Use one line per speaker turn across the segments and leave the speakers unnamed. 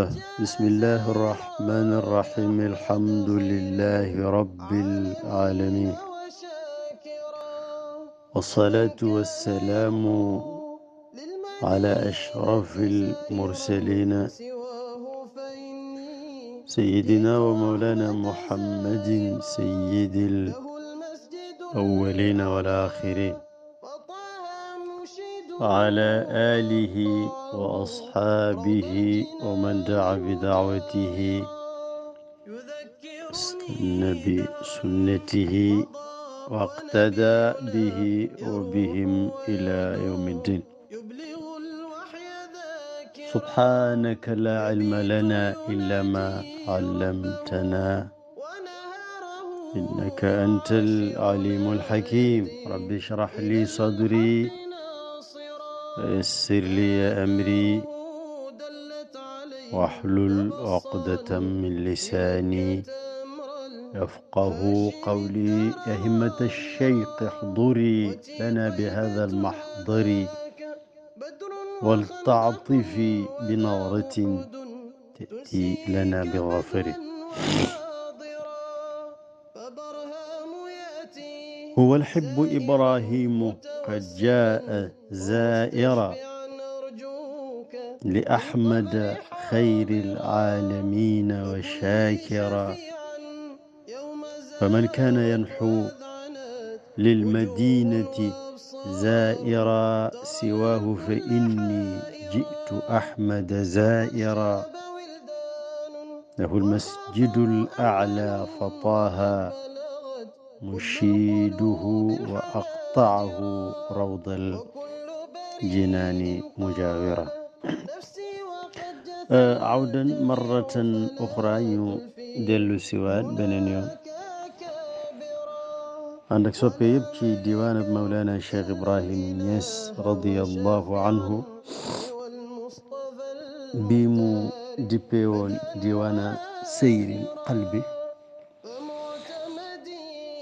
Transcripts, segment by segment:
آه، بسم الله الرحمن الرحيم الحمد لله رب العالمين والصلاة والسلام على أشرف المرسلين سيدنا ومولانا محمد سيد الأولين والآخرين وعلى آله وأصحابه ومن دعا بدعوته النبي سنته واقتدى به وبهم إلى يوم الدين سبحانك لا علم لنا إلا ما علمتنا إنك أنت العليم الحكيم رب اشرح لي صدري ويسر لي أمري واحلل عقدة من لساني يفقه قولي يا همة الشيخ احضري لنا بهذا المحضر ولتعطفي بنظرة تأتي لنا بغفر هو الحب إبراهيم قد جاء زائرا لأحمد خير العالمين وشاكرا فمن كان ينحو للمدينة زائرا سواه فإني جئت أحمد زائرا له المسجد الأعلى فطاها مشيده وأقوى قطعه روض الجنان مجاورة أه، عودا مرة أخرى يدل سواد بنين عندك سوبي يبكي ديوان مولانا الشيخ إبراهيم يس رضي الله عنه بيمو ديبيون ديوانا سير قلبي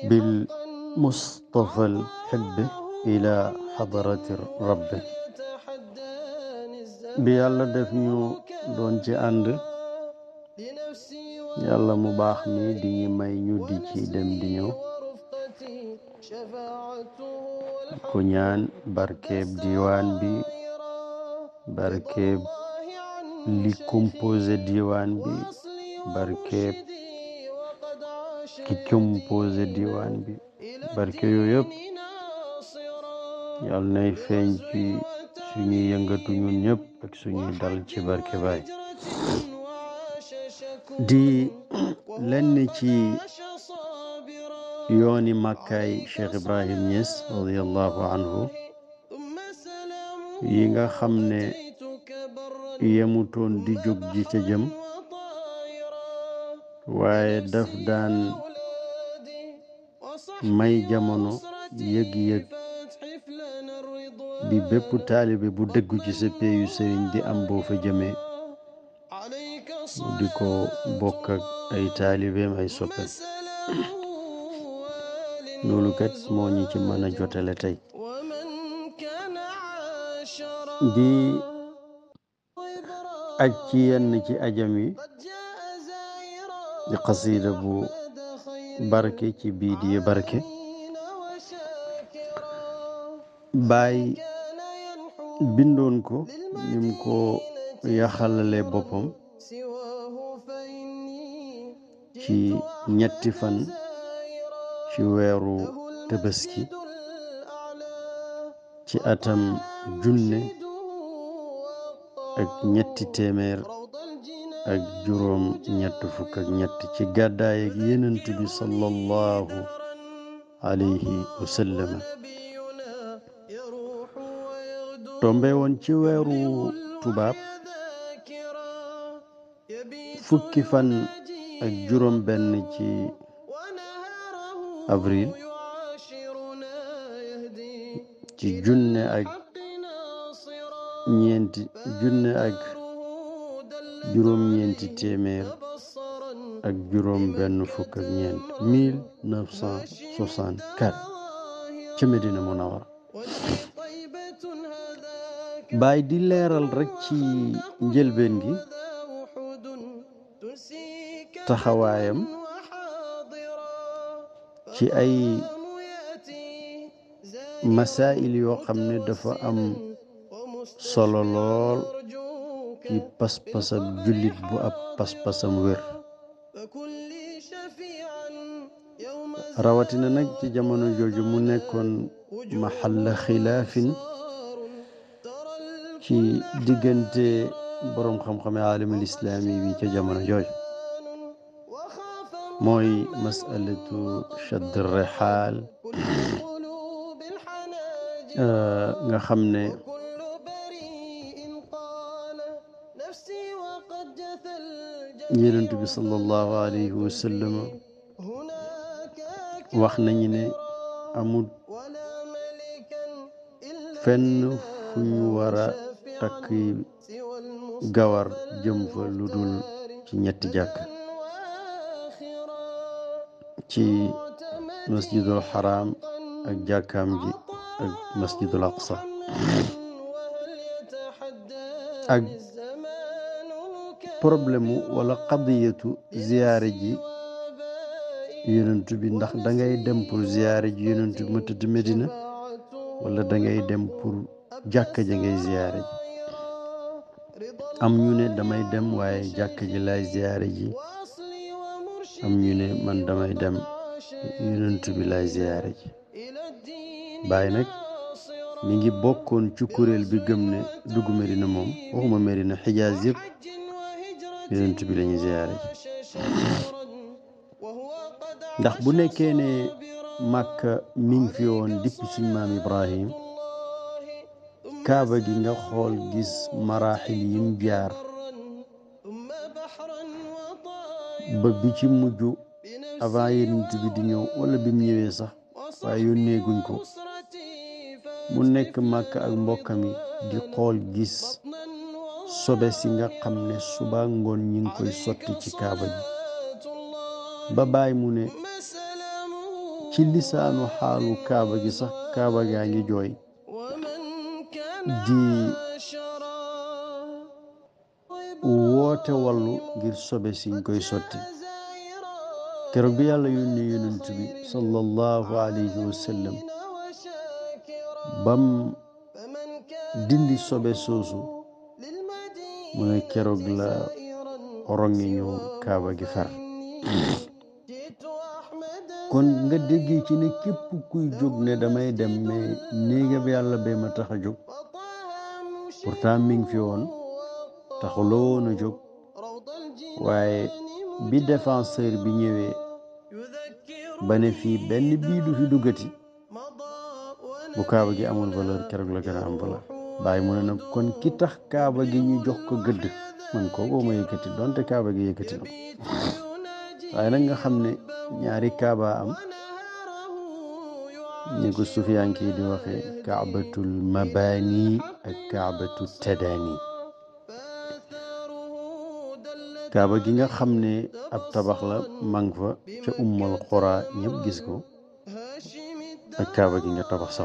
بال مصطفى الحب إلى حضرة الرب bi yàlla def ñu doon ci ànd yàlla mu baax mi di may ñu di ci dem di ñëw ku ñaan barkeeb diwaan bi barkeeb li composé diwaan bi barkeeb ki composé diwaan bi barke yooyu yëpp yal nay feeñ ci suñuy yëngatu ñun ñëpp ak suñuy dal ci barke baay di lenn ci yooni makkaay Cheikh Ibrahim Niass radiallahu yi nga xam ne yemutoon di jóg ji ca jëm waaye daf daan may jamono yëg-yëg bi bépp taalibe bu dëggu ci sa yu sëriñ di am boo fa jëmee di ko bokk ak ay taalibeem ay soppe loolu kat ci mën a jotale di aj ci yenn ci ajam di xasiida bu barke ci bidiye barke bayi bindon ko yim ko yahalale boppam ci ñetti fan ci weeru tebaski ci atam junne ak ñetti temer ak juróom ñett fukk ak ñett ci gàddaay ak yenent sallallahu alayhi wa sallam tombe ci weeru tubaab fukki fan ak juróom benn ci avril ci junne ak junne ak juróom-ñeenti téeméer ak juróom benn fukk ak ñeent 1964 ca Medina Munawara Baay di leeral rekk ci njëlbeen gi taxawaayam ci ay masail yoo xam ne dafa am solo lool ci bu ab rawatina nag ci jamono jooju mu nekkoon maxalla xilaafin ci diggante boroom xam-xame aalamul islaami bi ca jamono jooju mooy masalatu shadd rixaal euh, nga xam ne yonent bi sallallahu alayhi wa sallam wax nañu ne amul fenn fu ñu war a takk gawar jëm fa lu dul ci ñetti jàkk ci masjidul xaraam ak jàkkaam ji ak masjidul aqsa ak problème wala qadiyatu ziyaare ji yonent bi ndax dangay dem pour ziyaare ji yonent bi ma tëdd Medina wala dangay dem pour jàkka ja ngay ziyaare ji am ñu ne damay dem waaye jàkka ji laay ji am ñu man damay dem yonent bi laay ziyaare ji bàyyi nag mi ngi bokkoon ci kuréel bi gëm ne dugg Medina moom waxuma Medina xijaas yëpp yonent bi la ñuy bu nekkee ne màkka mi ngi fi woon dippi suñ ibrahim kaaba gi nga xool gis maraaxil yim jaar ba bi ci mujj avant yonent bi di ñëw wala bi mu ñëwee sax waaye yónneeguñ ko mu nekk màkk ak mbokkam yi di xool gis sobe si nga xam ne suba ngoon ñi koy sotti ci kaaba ji ba baay mu ne ci lisaanu xaalu kaaba gi sax kaaba gaa ngi jooy di woote wallu ngir sobe si ñu koy sotti keroog bi yàlla yónni yonent bi bam dindi sobe soosu mu ne keroog la rongiñu kaaba gi far kon nga déggee ci ne képp kuy jóg ne damay dem mais néegab yàlla be ma tax a jóg pourtant mi ngi fi woon taxuloo woon a jóg waaye bi défenseur bi ñëwee ba ne fii benn bii du fi duggati bu kaaba gi amoon valeur keroog la gën am valeur bàyyi mu ne nag kon kitax kaaba gi ñu jox ko gëdd man kooku ma yëkkati donte kaaba gi yëkkati na waaye nag nga xam ne ñaari kaaba am ni ko sufiyanke di waxee kaabatul mabani ak kaabatu tadaani kaaba gi nga xam ne ab tabax la mang fa ca ummal xora ñëpp gis ko ak kaaba gi nga tabax sa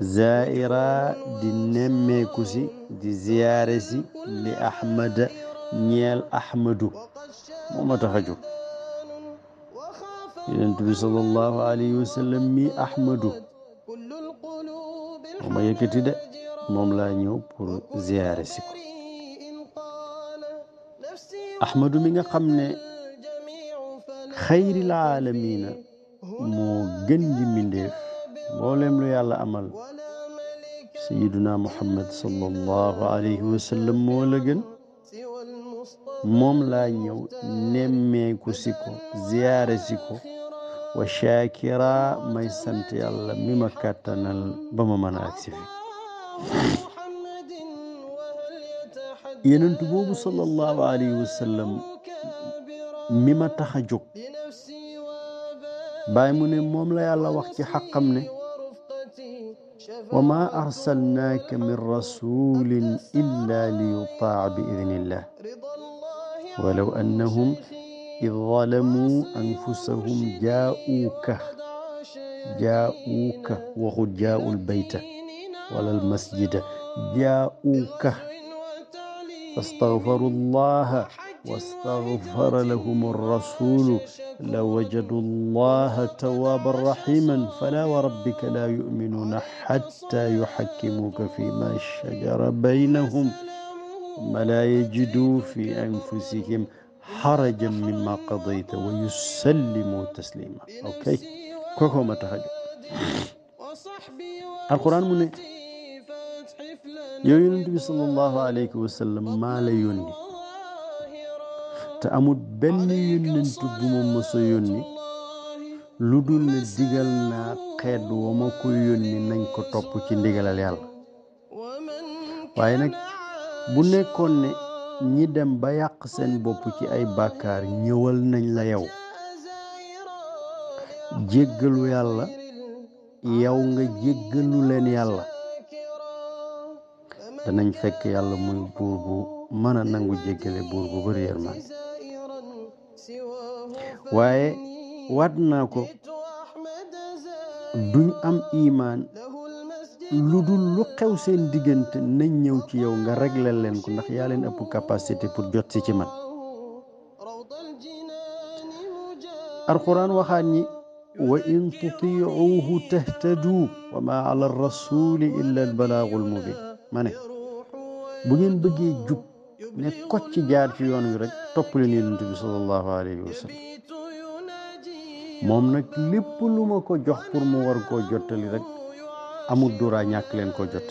زائرة دنمكوسي دي زيارسي لأحمد نيال أحمد وما تخجو إذا صلى الله عليه وسلم مي أحمد وما يكتي ده مملا نيو بور زيارسي أحمد من خمنه خير العالمين مو جندي من ديف بولم لو يالا امال sayyiduna muhammad sallallahu moo la gën moom laa ñëw nemmeeku si ko ziyaare si ko wa shakira may sant yàlla mi ma kàttanal ba ma mën a fi yenentu boobu sallallahu alayhi mi ma tax a jóg mu ne moom la yàlla wax ci xaqam ne وما أرسلناك من رسول إلا ليطاع بإذن الله ولو أنهم إذ ظلموا أنفسهم جاءوك جاءوك وقد جاءوا البيت ولا المسجد جاءوك فاستغفروا الله واستغفر لهم الرسول لوجدوا الله توابا رحيما فلا وربك لا يؤمنون حتى يحكموك فيما شجر بينهم ما لا يجدوا في أنفسهم حرجا مما قضيت ويسلموا تسليما أوكي كوكو ما تهجو القرآن من يو النبي صلى الله عليه وسلم ما لا يوني te amut benn yónnentu bu ma mës yónni lu dul ne digal naa xeet wa ma ko yónni nañ ko topp ci ndigalal yàlla waaye nag bu nekkoon ne ñi dem ba yàq seen bopp ci ay bàkkaar ñëwal nañ la yow jéggalu yàlla yow nga jéggalu leen yàlla danañ fekk yàlla muy buur bu mën a nangu jéggale buur bu bari yërmande waaye waat naa ko duñ am imaan lu dul lu xew seen diggante nañ ñëw ci yow nga réglal leen ko ndax yaa leen ëpp capacité pour jot si ci man alquran waxaan ñi wa in tutiicuuhu tahtadu wa maa ala rasuli illa albalaagu lmubin ma ne bu ngeen jub ne kocc jaar ci yoon wi rek topp leen yonent bi sallallahu alayhi wa moom nag lépp lu ma ko jox pour mu war koo jottali rek amul dura ñàkk leen ko jot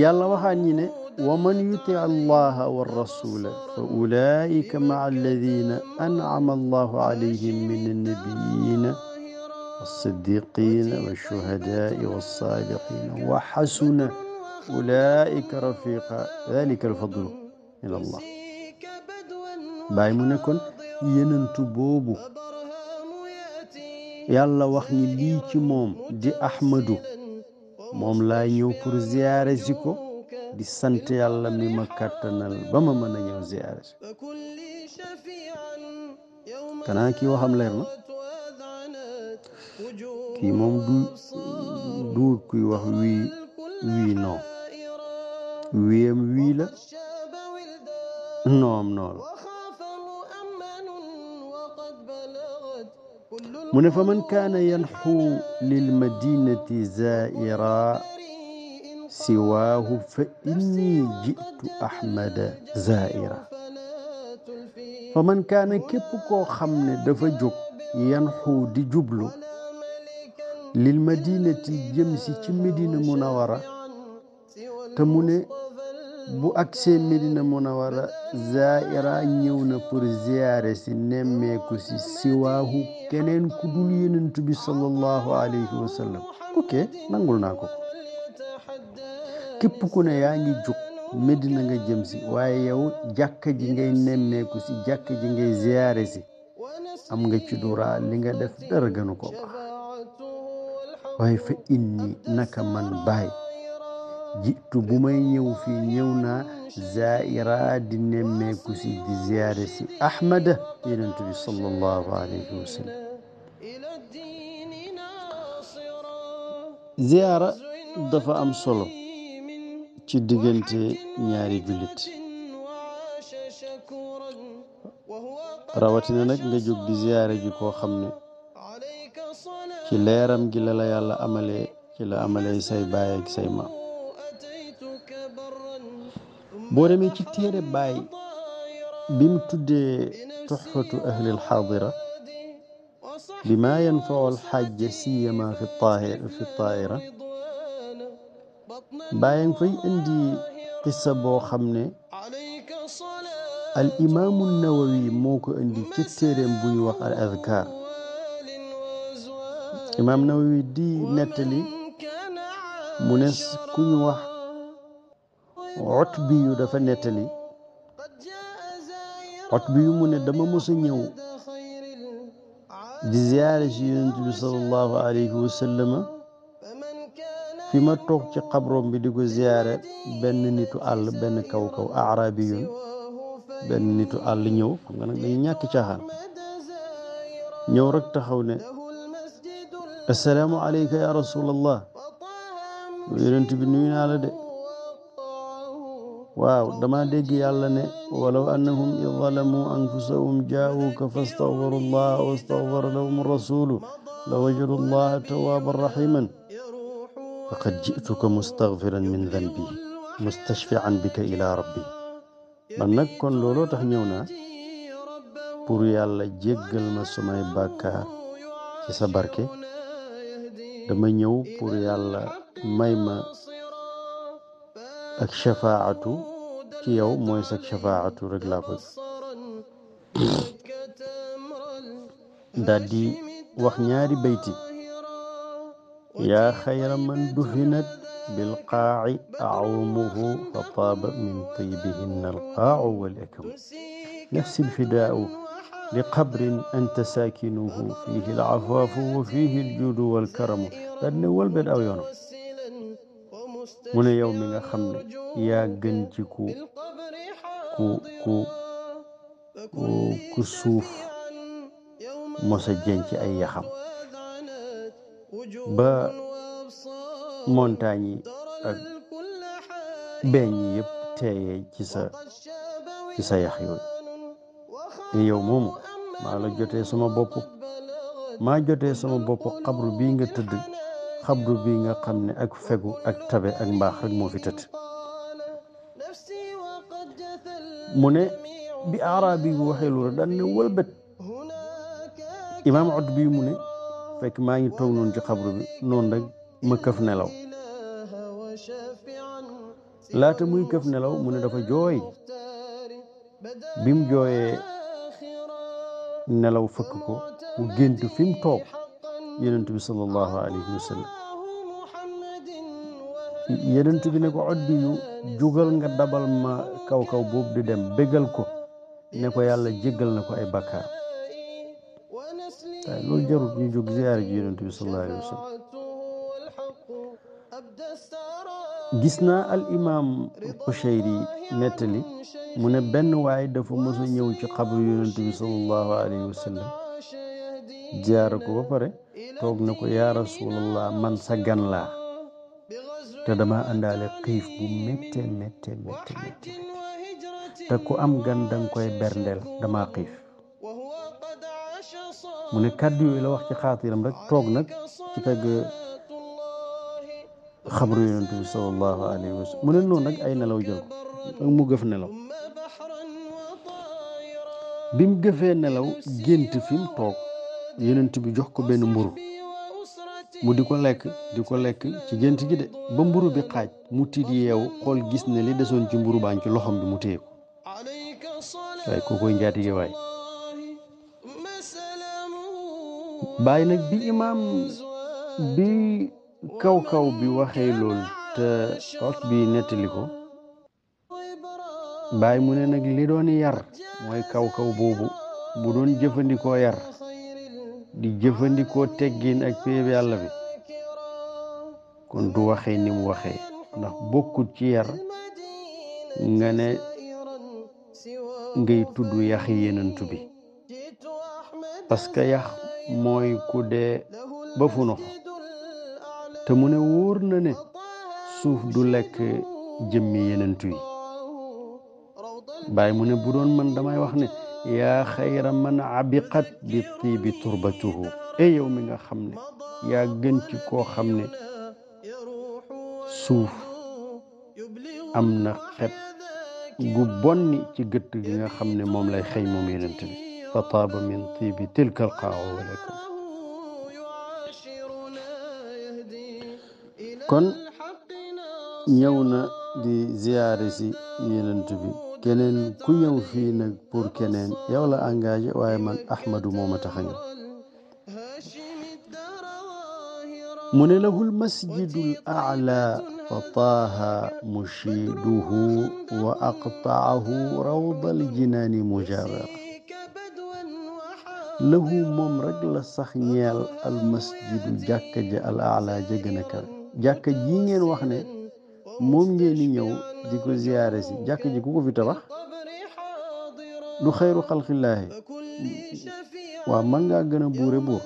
yàlla waxaan ñi ne wa man yuti allaha wa rasula fa ulaika maa alladina an'ama allahu alayhim min annabiyina والصديقين والشهداء والصادقين وحسن أولئك رفيقا ذلك الفضل من الله bàyyi mu nekkoon yenentu boobu yàlla wax ni lii ci moom di ahmadu moom laa ñëw pour ziyaare si ko di sant yàlla mi ma kàttanal ba ma mën a ziyaare si kanaa kii waxam leer na kii moom du duut kuy wax wii wii non wii la noom noonu من فمن كان ينحو للمدينة زائرا سواه فإني جئت أحمد زائرا فمن كان كبكو خمن دفجو ينحو دي جبلو للمدينة جمسي كمدينة منورة تمني bu agsee Medina Munawara zaira ñëw na pour ziyaare si nemmeeku si siwaahu keneen ku dul yonent bi sallallahu alayhi wa ok nangul naa ko képp ku ne yaa ngi jóg Medina nga jëm si waaye yow jàkka ji ngay nemmeeku si jàkka ji ngay ziyaare si am nga ci dura li nga def dara gënu ko waaye fa inni naka man baay jitu bu may ñëw fii ñëw naa zaira di nemmeeku si di ziyaare si ahmada yonent bi sallallahu alayhi wa sallam ziyaara dafa am solo ci diggante ñaari jullit rawatina nag nga jóg di ziyaare ji koo xam ne ci leeram gi la la yàlla amalee ci la amalee say بورمي كتير باي بيم تحفة أهل الحاضرة بما ينفع الحاج سيما في الطاهر في الطائرة باين في عندي قصة بو خمني الإمام النووي موكو عندي كتير بوي وقع الأذكار إمام النووي دي نتلي منس كن وحق ot bi yu dafa nettali ot bi yu mu ne dama mos a ñëw di ziyaare ci yonent bi sallallahu alayhi wa fi ma toog ci xabroom bi di ko ziyaare benn nitu àll benn kaw kaw aarabi yun nitu àll ñëw xam ñàkk caaxaan ñëw rek taxaw ne assalaamu alayka ya rasulallah yonent bi nuyu naa la de waaw dama dégg yàlla ne walaw annahum id zalamu anfusahum jaa'uuka fastaghfaru llaha wa staghfara lahum rasulu la wajadu llaha tawaaban rahiman faqad ji'tuka mustaghfiran min dhanbi mustashfi'an bika ila rabbi man nag kon looloo tax ñëw naa pour yàlla jéggal ma sumay bàkkaar ci sa barke dama ñëw pour yàlla may ma اك شفاعتو كي يو رجلا بس دا بيتي يا خير من دفنت بالقاع أعومه فطاب من طيبهن القاع والأكم نفس الفداء لقبر أنت ساكنه فيه العفاف وفيه الجود والكرم تدني والبد أو ينو mu ne yow mi nga xam ne yaa gën ci ku ku ku ku suuf mos a jën ci ay yaxam ba montagne yi ak beeñ yi yëpp teeyee ci sa ci sa yax yooyu te yow moomu maa la jotee sama bopp maa jotee sama bopp xabru bii nga tëdd xabru bi nga xam ne ak fegu ak tabe ak mbaax rek moo fi tëdd mu ne bi aaraabi bu waxee loolu daan ne wëlbët imaam ot bi mu ne fekk maa ngi toog noonu ci xabru bi noonu rek ma këf nelaw laata muy këf nelaw mu ne dafa jooy bi mu jooyee nelaw fëkk ko mu gént fi mu toog yonent bi sallallahu alayhi wa sallam yenent bi ne ko oddi jugal nga dabal ma kaw kaw boobu di dem bégal ko ne ko yàlla jéggal na ko ay bakkaar waaye loolu jarut ñu gis naa al imaam Qushayri mu ne benn waay dafa mos a ñëw ci xabru yonent bi ko ba toog na ko yaa rasulallah man sa gan laa te dama àndaale xiif bu métte métte métte métte te ku am gan danga koy berndeel dama xiif mu ne kàddu yooyu la wax ci xaatiram rek toog nag ci pegg xabru mu ne noonu nag ay nelaw jël ko mu gëf nelaw bi mu gëfee nelaw gént fi mu bi jox ko benn mburu mu di ko lekk di ko lekk ci gént gi de ba mburu bi xaaj mu tiit yeewu xool gis ne li desoon ci mburu baañ ci loxom bi mu téye ko waaye nag bi imaam bi kaw kaw bi waxee loolu te ot bi nettali ko bàyyi mu ne nag li doon yar mooy kaw kaw boobu bu doon jëfandikoo yar di jëfandikoo teggin ak péeb yàlla bi kon du waxee ni mu waxee ndax bokkut ci yar nga ne ngay tudd yaxi yenantu bi parce que yax mooy ku dee ba fu nox te mu ne wóor na ne suuf du lekk jëmmi yenantu yi bàyyi mu ne bu doon man damay wax ne yaa xayra man abiqat bi tiibi turbatuhu e yow mi nga xam ne yaa gën ci koo xam ne suuf am na xet gu bonni ci gëtt gi nga xam ne moom lay xëy moom yonent bi fa taaba min tiibi tilka alqaawa walakum kon ñëw na di ziyaare si yonent bi keneen ku ñëw fii nag pour keneen yow la engagé waaye man ahmadu mooma tax a ñëw mu ne lahul masjidul ala fa taaha mushiiduhu wa aqtaahu rawdal jinaani mujaawira lahu moom rek la sax ñeel al masjidu jàkka ja al ala ja gën a kawe jàkka ji ngeen wax ne moom ngeen di ñëw di ko ziyaare si jàkk ji ku ko fi tabax du xayru xalqillaahi waaw man ngaa gën a buure buur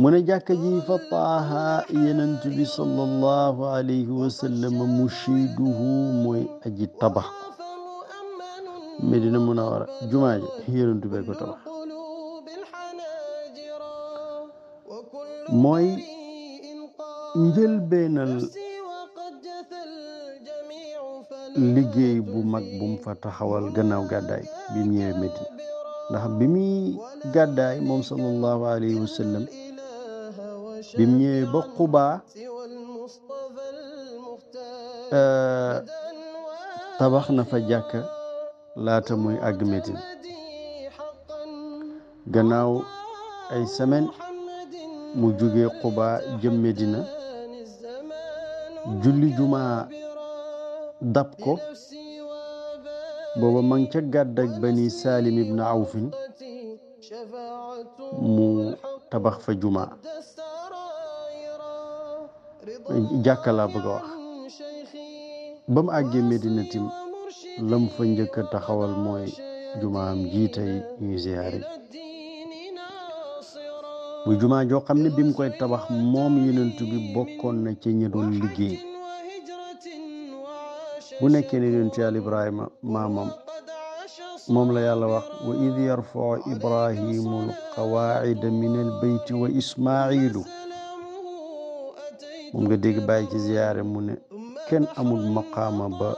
mu ne jàkk ji fa taaha yenent bi sallallahu alayhi wa sallam mushiduhu mooy aji tabax Medina Munawara jumaa ji yenentu bee ko tabax mooy njëlbeenal liggéey bu mag bum fa taxawal gannaaw gàddaay bi mu ñëwee Medina bi muy gàddaay moom sallallahu alayhi wa sallam bi mu ñëwee ba Qubaa euh, tabax na fa jàkka laata muy àgg Medina gannaaw ay semaine mu jógee Qubaa jëm Medina julli juma dabko ko booba ma ngi ca gàddag bani Salim ibn Awfin mu tabax fa juma jàkka laa bëgg a wax ba mu àggee lam fa njëkk a taxawal mooy jumaam jiitay ñu ziyaari muy jumaa joo xam ne bi mu koy tabax moom yonent bi bokkoon na ci ñi doon liggéey bu nekkee ne yonent yàlla ibrahima maamam moom la yàlla wax wa id yarfau ibrahimu alqawaida min albeyti wa ismailu moom nga dégg bàyyi ci ziyaare mu ne kenn amul maqaama ba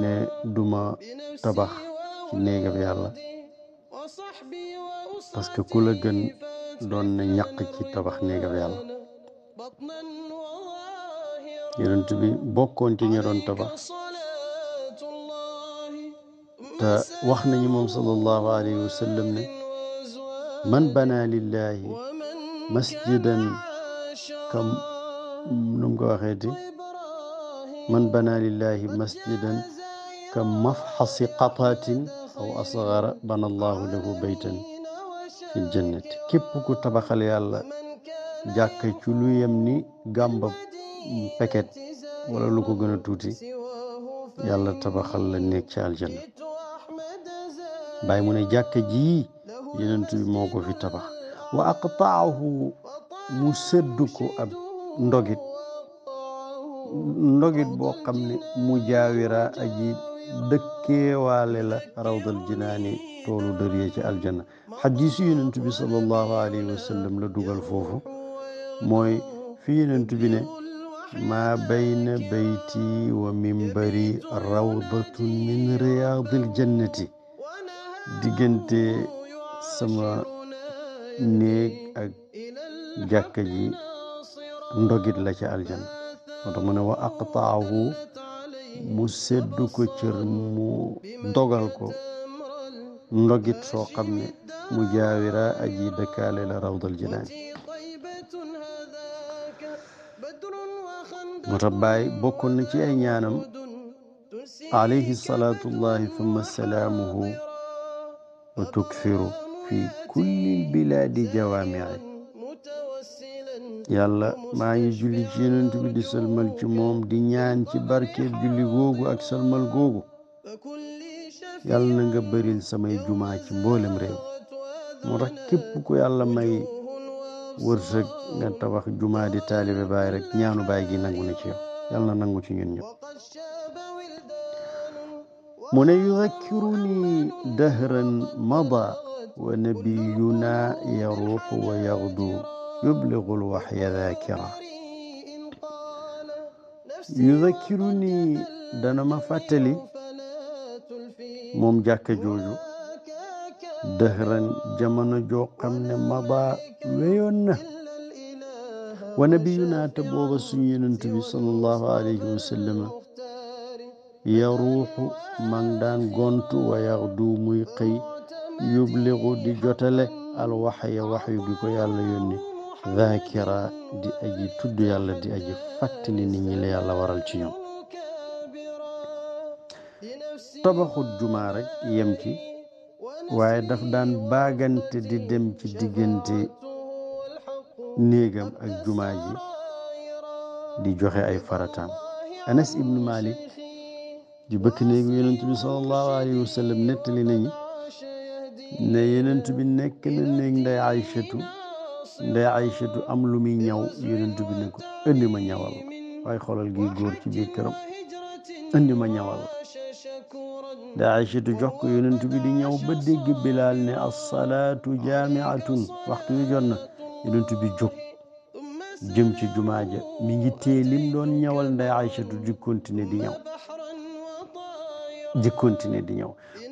ne duma tabax ci néegam yàlla parce que ku la gën doon na ñaq ci tabax néegam yàlla yonent bi bokkoon ci ña doon tabax wax nañu moom sallallahu alayhi wa ne man bana lillahi masjidan kam nu mu ko waxee man bana lillahi masjidan kam mafxasi qataatin aw asgara bana allahu lahu baytan fil képp ku tabaxal yàlla jàkka ci lu yem ni gàmba peket wala lu ko gën a tuuti yàlla tabaxal la nekk ci aljanna bàyyi mu ne jàkka ji yenent bi moo ko fi tabax wa aqtaahu mu sedd ko ab ndogit ndogit boo xam ni mu jaawira aji dëkkeewaale la rawdal jinaani toolu dër yee ci aljanna xadis yu yonent bi sallallahu alayhi wa sallam la dugal foofu mooy fi yonent bi ne maa bayna bayti wa mimbari rawdatun min riyaadil jannati diggante sama néeg ak jàkka ji ndogit la ci aljanna moo tax mu ne wa aqtaahu mu sedd ko cër mu dogal ko ndogit soo xam ne mu jaawira aji dëkkaale la rawdal jinaani moo tax baay bokkoon na ci ay ñaanam alayhi salaatullahi fumma salaamuhu wa tukfiru fi kulli bilaadi jawaamici yàlla maa ngi julli ci yonent di salmal ci moom di ñaan ci barkeeb julli googu ak salmal googu yàlla na nga bëril samay jumaa ci mboolem réew moo tax képp ku yàlla may wërsëg nga tabax jumaa di taalibe baay rek ñaanu baay gi nangu na ci yow yàlla na nangu ci ñun ñëpp mu ne yuzakkiruni dahran mada wa nabiyuna yaruuxu wa yaxdu يبلغ الوحي ذاكرا يذكرني ما فاتلي ممجاك جوجو دهرا جمن جو قمن مضى ويون ونبينا تبوب سنين النبي صلى الله عليه وسلم يروح من دان غنت ويغدو ميقي يبلغ دي جوتله الوحي وحي بكو يالا يوني zakira di aji tudd yàlla di aji fàttali nit ñi la yàlla waral ci ñoom tabaxut jumaa rek yem ci waaye daf daan baagante di dem ci diggante néegam ak jumaa ji di joxe ay farataam anas ibn malik di bëkk néegu yonent bi sallallahu alayhi wa sallam nettali nañu ne yonent bi nekk na néeg nday aïchatu ndey Aysa du am lu muy ñaw yonent bi ne ko ma ñawal waaye xoolal gi góor ci biir këram ma ñawal ndey Aysa du jox ko yonent bi di ñaw ba dégg Bilaal ne as-salaatu jaamiatun waxtu yu jot na yonent bi jóg jëm ci jumaa ja mi ngi téye lim doon ñawal ndey Aysa du di continuer di ñaw di continuer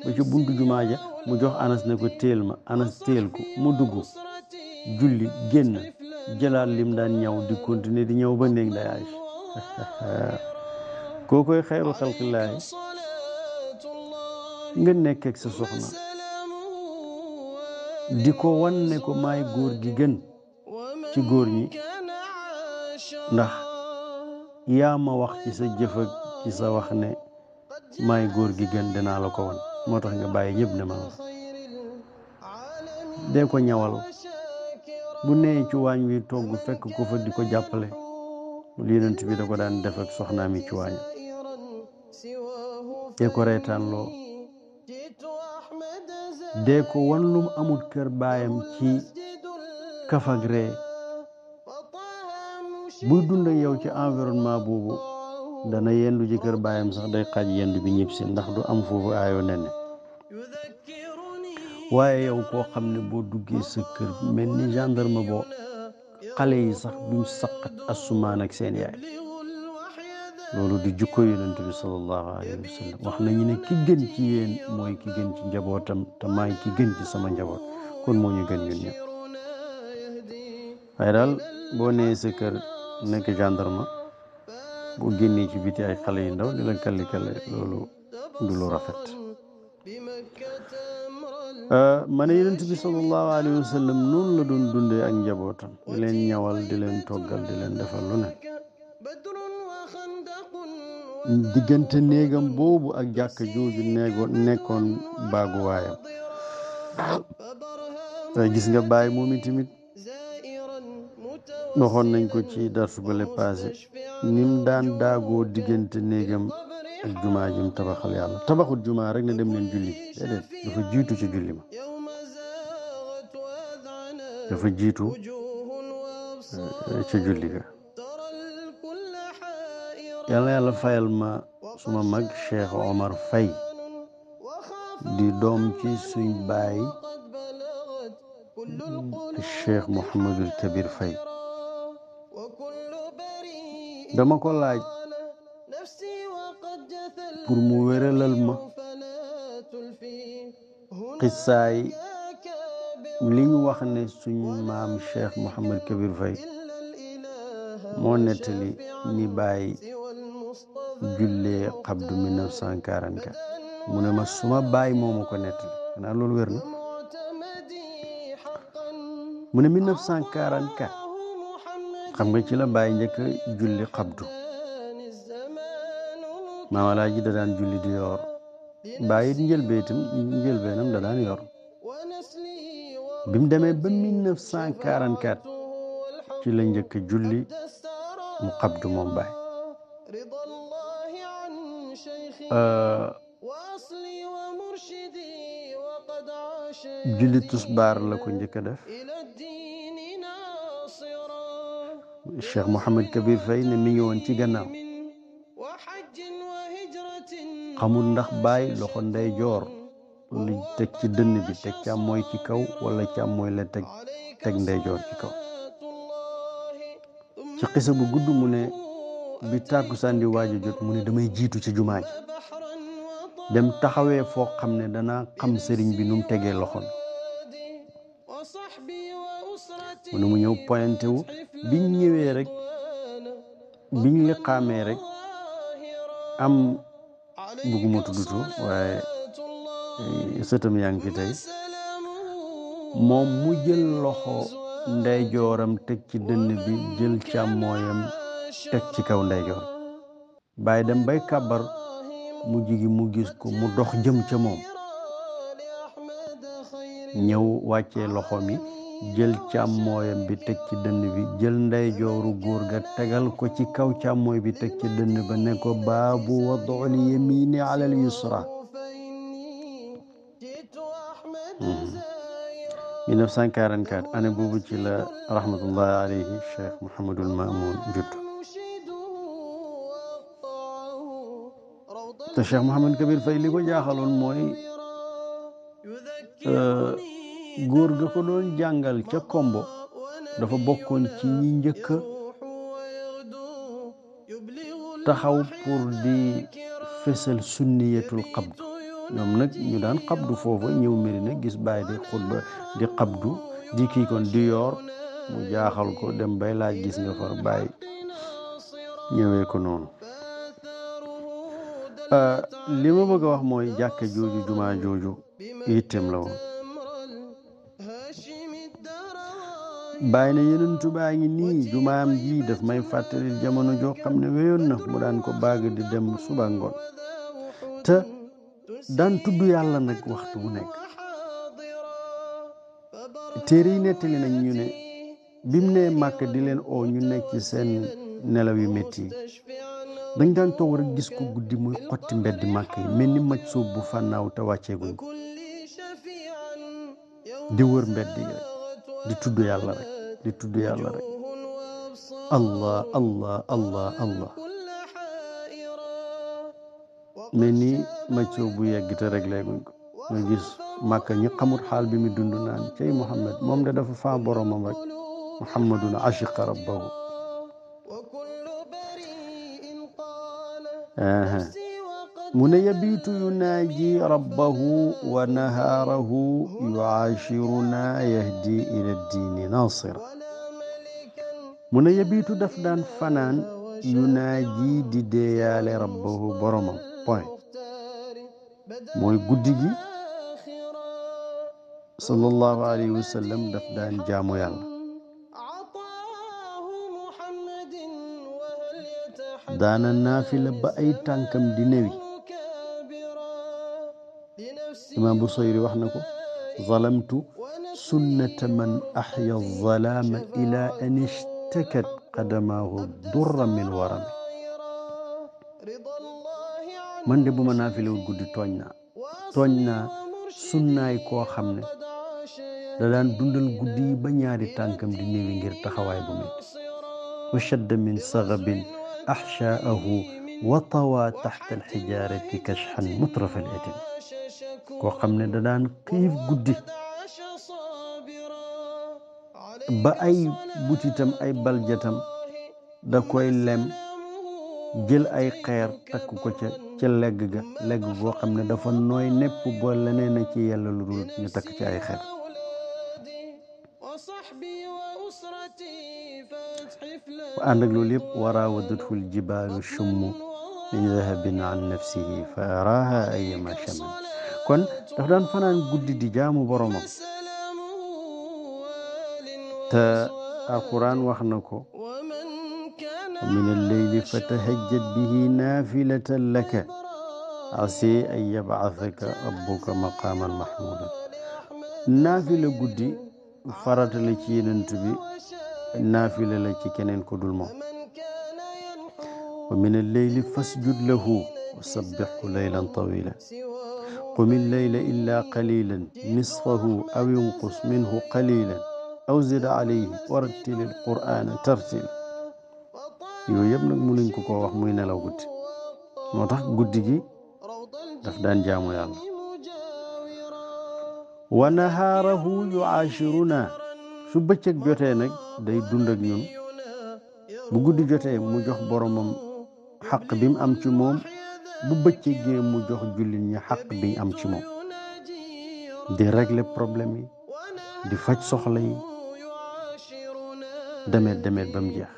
ba ci buntu jumaa ja mu jox Anas ne ko téel ma Anas téel ko mu dugg julli génn jëlaat lim daan ñaw di continuer di ñëw ba néeg day age kookoy xayru xalqillaahi nga nekk ak sa soxna di ko wan ne ko may góor gi gën ci góor ñi ndax yaa ma wax ci sa jëf ci sa wax ne may góor gi gën dinaa la ko wan moo tax nga bàyyi ñëpp ne ma dee ko ñawal bu nee ci waañ wi togg fekk ko fa di ko jàppale yonent bi da ko daan def ak soxnaam ci waañ dee ko reetaan loo dee ko wan lum amul kër baayam ci kafag ree buy dund ak yow ci environnement boobu dana yendu ci kër baayam sax day xaaj yendu bi ñibbisi ndax du am foofu aayoo nenne waaye yow koo xam ne boo duggee sa kër mel ni gendarme boo xale yi sax duñ saqat assumaan sumaanak seen yaay loolu di jukko yonent bi sallallahu alayhi wa wax nañu ne ki gën ci yéen mooy ki gën ci njabootam te maay ki gën ci sama njaboot kon moo ñu gën ñun ñëpp waaye daal boo nee sa kër nekk gendarme boo génnee ci biti ay xale yu ndaw di la kalli kalli loolu du lu rafet Eh, ma ne yonent bi sallallahu alayhi la doon dunde ak njabootam di leen ñawal di leen toggal di leen defal lu ne diggante néegam boobu ak jàkka jooju neegoon nekkoon baaguwaayam te gis nga bàyyi moom itamit waxoon nañ ko ci darsu ba le passé nim daan daagoo diggante néegam jumaa jum tabaxal yàlla tabaxut jumaa rek ne dem leen julli déedéet dafa jiitu ci julli ma dafa jiitu ci julli ga yàlla yàlla fayal ma suma mag Cheikh Omar Faye di doom ci suñ baay Cheikh Mouhamadul Kabir Faye dama ko laaj pour mu wéralal ma xissaay li ñu wax ne suñu maam Cheikh Mouhamed Kabir Faye moo nettali ni bàyyi jullee xabdu 1944 mu ne ma suma bàyyi moo ma ko nettali xanaa loolu wér na mu ne 1944 xam nga ci la bàyyi njëkk julli xabdu maamalaa ji da daan julli di yoor bàyyi it njëlbeetam njëlbeenam da daan yor bi mu demee ba 1944 ci la njëkk julli mu xabdu moom baay julli tusbaar la ko njëkk a def Cheikh Mouhamed Kabir Faye ne mi ngi woon ci gannaaw xamul ndax bàyyi loxo ndey joor teg ci dënn bi teg càmmooy ci kaw wala càmmooy la teg teg ndey joor ci kaw ci xisa bu gudd mu ne bi tàkkusaan di waaj jot mu ne damay jiitu ci jumaa dem taxawee foo xam ne dana xam sëriñ bi nu mu tegee loxoon mu ne mu ñëw pointé wu ñëwee rek biñ liqaamee rek bugguma tudd tur waaye eh, sëtam yaa ngi fi tey moom mu jël loxo ndeyjooram teg ci dënn bi jël càmmooyam teg ci kaw ndeyjoor bàyyi dem bay kàbbar mu jigi mu gis ko mu dox jëm ca moom ñëw wàcce loxo mi jël càmmooyam bi teg ci dënn bi jël ndeyjooru góor ga tegal ko ci kaw càmmooy bi teg ci dënn ba ne ko baabu wadul yamini alal yusra 1944 hmm. année boobu ci la rahmatullahi alayhi cheikh Mouhamadul Mamoun judd te cheikh Mouhamad Kabir Faye li ko jaaxaloon mooy euh, góor ga ko doon jàngal ca kombo dafa bokkoon ci ñi njëkk taxaw pour di fesel sunniyatul xabd ñu daan xabdu foofa ñëw mari na gis baay di xutba di xabdu di kikoon di yoor mu jaaxal ko dem bay laaj gis nga far bàyyi ñëwee ko noonu euh, li ma bëgg wax mooy jàkka jooju jumaa jooju yitteem la woon bàyyi na yenentu baa ngi nii jumaam ji daf may fatali jamono jo xamne ne na mu daan ko bag di dem suba ngol te daan tuddu yalla nak waxtu mu nek téere yi nañ ñu ne bim ne màkk di len o ñu nek ci sen nelaw yu metti dañ daan to rek gis ko guddi muy xoti mbeddi màkk melni mel ko di wër mbeddi yoy di tudd yàlla rek di tudd yàlla rek allah allah allah allah mais nii macco bu yegg te rek léeguñ ko nga gis màkka ñi xamut xaal bi mu dund naan cey muhammad moom de dafa faa boromam rek muhammadun ashiqa rabbahu mu ne yabiitu yunaaji rabbahu wa nahaarahu yuaashiruna yahdi ila diini naasira mu ne daf daan fanaan yunaaji di deeyaale rabbahu boromam point mooy guddi gi sallallahu alayhi wa sallam daf daan jaamu yàlla naafila ba ay tànkam di newi إمام بصير وحنكو ظلمت سنة من أحيا الظلام إلى أن اشتكت قدماه ضرا من ورم من دبو منافل ودود توانا توانا سنة يكو خمنا دلان دندل قدي بنياري تانكم ديني ونجر تخواي بميت وشد من صغب أحشاءه وطوى تحت الحجارة كشحا مطرف الأدم koo xam ne da daan xiif guddi ba ay butitam ay baljatam da koy lem jël ay xeer takku ko ca ca legga ga legg goo xam ne dafa nooy nepp boo leneen a ci yàlla lu dul ñu takk ci ay xeer wa ànd ak loolu yëpp waraawadathu ljibaalu shummu min dahabin an nafsihi fa araaha ayyama shaman كن دفدان فنان قد ديجام وبرم تا قران وخنكو من الليل فتهجد به نافلة لك عسي أن يبعثك أبوك مقاما محمودا نافلة قد فرات لكي ننتبي نافلة لكي كنين كدول مو ومن الليل فاسجد له وسبحه ليلا طويلا قم الليل إلا قليلا نصفه أو ينقص منه قليلا أو زد عليه ورتل القرآن ترتيل yooyu yëpp nag mënuñ ko koo wax muy nelaw guddi moo tax guddi gi daf daan jaamu yàlla wa nahaarahu yuaashiruna su bëccëg jotee nag day dund ak ñun bu guddi jotee mu jox boromam xaq bi mu am ci moom bu bëccëgee mu jox jullit ñi haq bi am ci mom di régler problème yi di fajj soxla yi demet demet bam mu jeex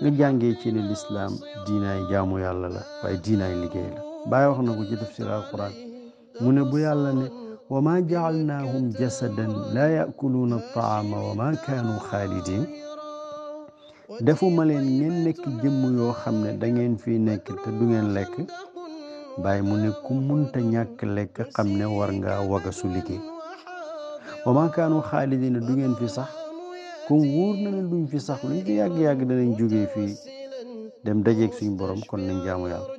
nga jàngee ci ne lislaam diinaay jaamu yàlla la waaye diinaay liggéey la bàyyi wax na ko ci tafsir alquran mu ne bu yàlla ne wa ma jaalnaahum jasadan laa yakuluuna altaama wa ma kaanu xaalidin defuma leen ngeen nekk jëmm yoo xam ne da ngeen fi nekk te du ngeen lekk bàyyi mu nekk ku munta ñàkk lekk xam ne war ngaa wagasu liggéey wa maa kaanu xaalidina du ngeen fi sax comme wóor na ne duñ fi sax luñ fi yàgg-yàgg danañ jógee fii dem dajeeg suñ borom kon nañ jaamu yàlla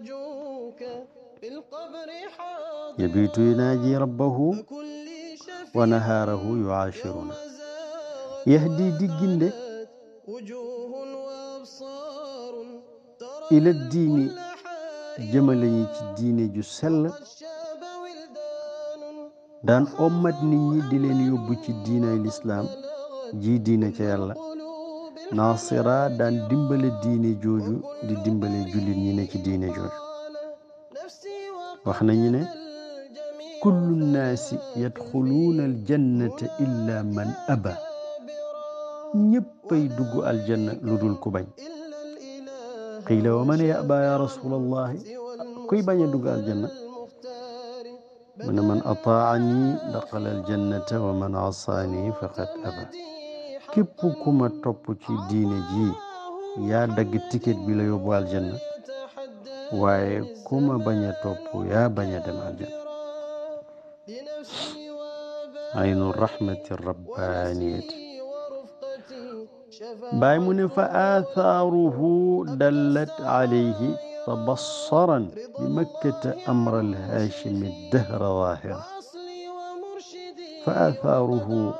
yabiitu yunaaji rabbahu wa nahaarahu yuaashiruna yahdi digginde ila diini jëmale ñi ci diine ju sell daan ommat nit ñi yóbbu ci diinay lislaam ji diine ca yàlla nasira daan dimbale diine jooju di dimbale jullit ñi ne ci diine jooju wax nañu ne kullu nnaasi yadxuluuna aljannata illa man aba ñëppay dugg aljanna lu dul ku qiila wa man yaba ya rasulallahi kuy bañ a dugg aljanna mu ne man ataani daxala aljannata wa man asaani faqad aba képp ku ma topp ci diine ji yaa dagg ticket bi la yóbbu aljanna waaye ku ma bañ a topp yaa bañ a dem aljanna aynu rahmati rabbaniyati باي من فآثاره دلت عليه تبصرا بمكة أمر الهاشم الدهر ظاهرا فآثاره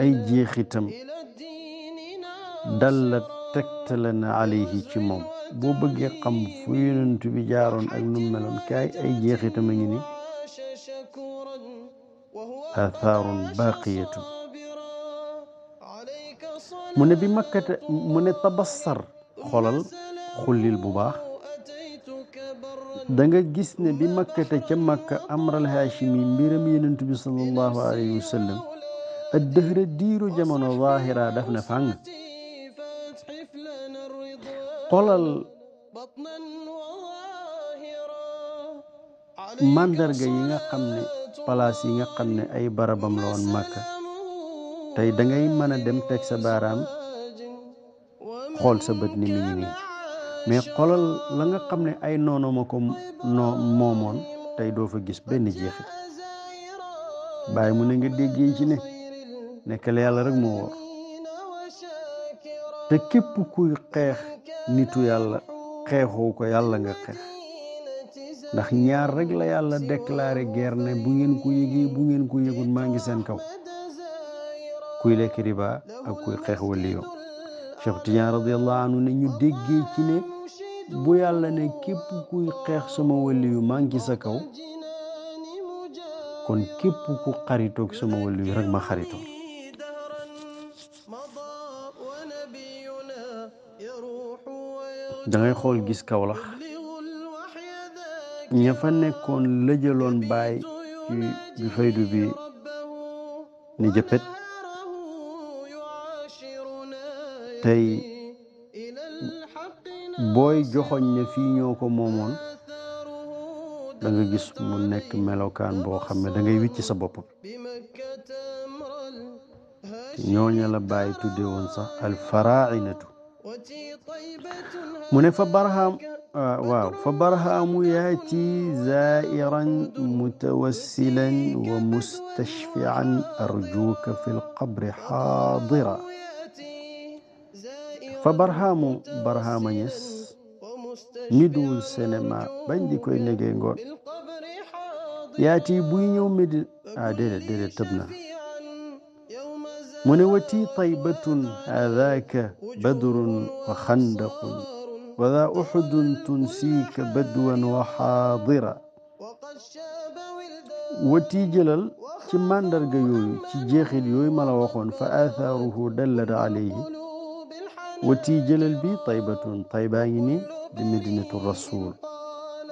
أي جي ختم دلت تكتلنا عليه كمم بو بغي قم فين تبجارون أي نملون كاي أي جي ختم آثار باقية mu ne bi makkate mu ne tabassar xoolal xullil bu baax da nga gis ne bi makkate ca makka amral haashimi mbiram yenent bi sallallahu alayhi wa sallam ak dëhra diiru jamono zaahira daf ne fàng xoolal mandarga yi nga xam ne palaas yi nga xam ne ay barabam la woon makka tey dangay ngay mën a dem teg sa baaraam xool sa bët ni mi ngi nii mais xoolal la nga xam ne ay noono ma ko moomoon tey doo fa gis benn jeexit bàyyi mu ne nga dégg ci ne nekkal yàlla rek moo wóor te képp kuy xeex nitu yàlla xeexoo ko yàlla nga xeex ndax ñaar rek la yàlla déclaré guerre ne bu ngeen ko yëgee bu ngeen ko yëgul maa ngi seen kaw kuy lekk riba ak kuy xeex waliyo Cheikh Tidiane radiallahu anhu ne ñu déggee ci bu yàlla ne képp ku xeex sama waliyu maa ngi ci sa kaw kon képp ku xaritoog sama waliyu rek ma xaritoog dangay xool gis Kawlax ña fa nekkoon lëjaloon baay bi faydu bi ni jëppet تي بوي جوخون ني في نيوكو مومون دا نغي غيس مو نيك ملوكان بو خامي دا نغي ويتي سا بوب نيوني لا باي تودي وون سا الفراعنه من فبرهام واو فبرهام ياتي زائرا متوسلا ومستشفعا ارجوك في القبر حاضرا فبرهامو برهام يس ميدول سينما بندي كوي نيغي ياتي بوي نيو ميد ادير آه، ادير تبنا منوتي طيبة هذاك بدر وخندق وذا أحد تنسيك بدوا وحاضرا وتي جلال تي ماندرغ يوي تي جيخيل يوي مالا واخون فاثاره دلد عليه وتيجي للبي طيبة طيبين بمدينة الرسول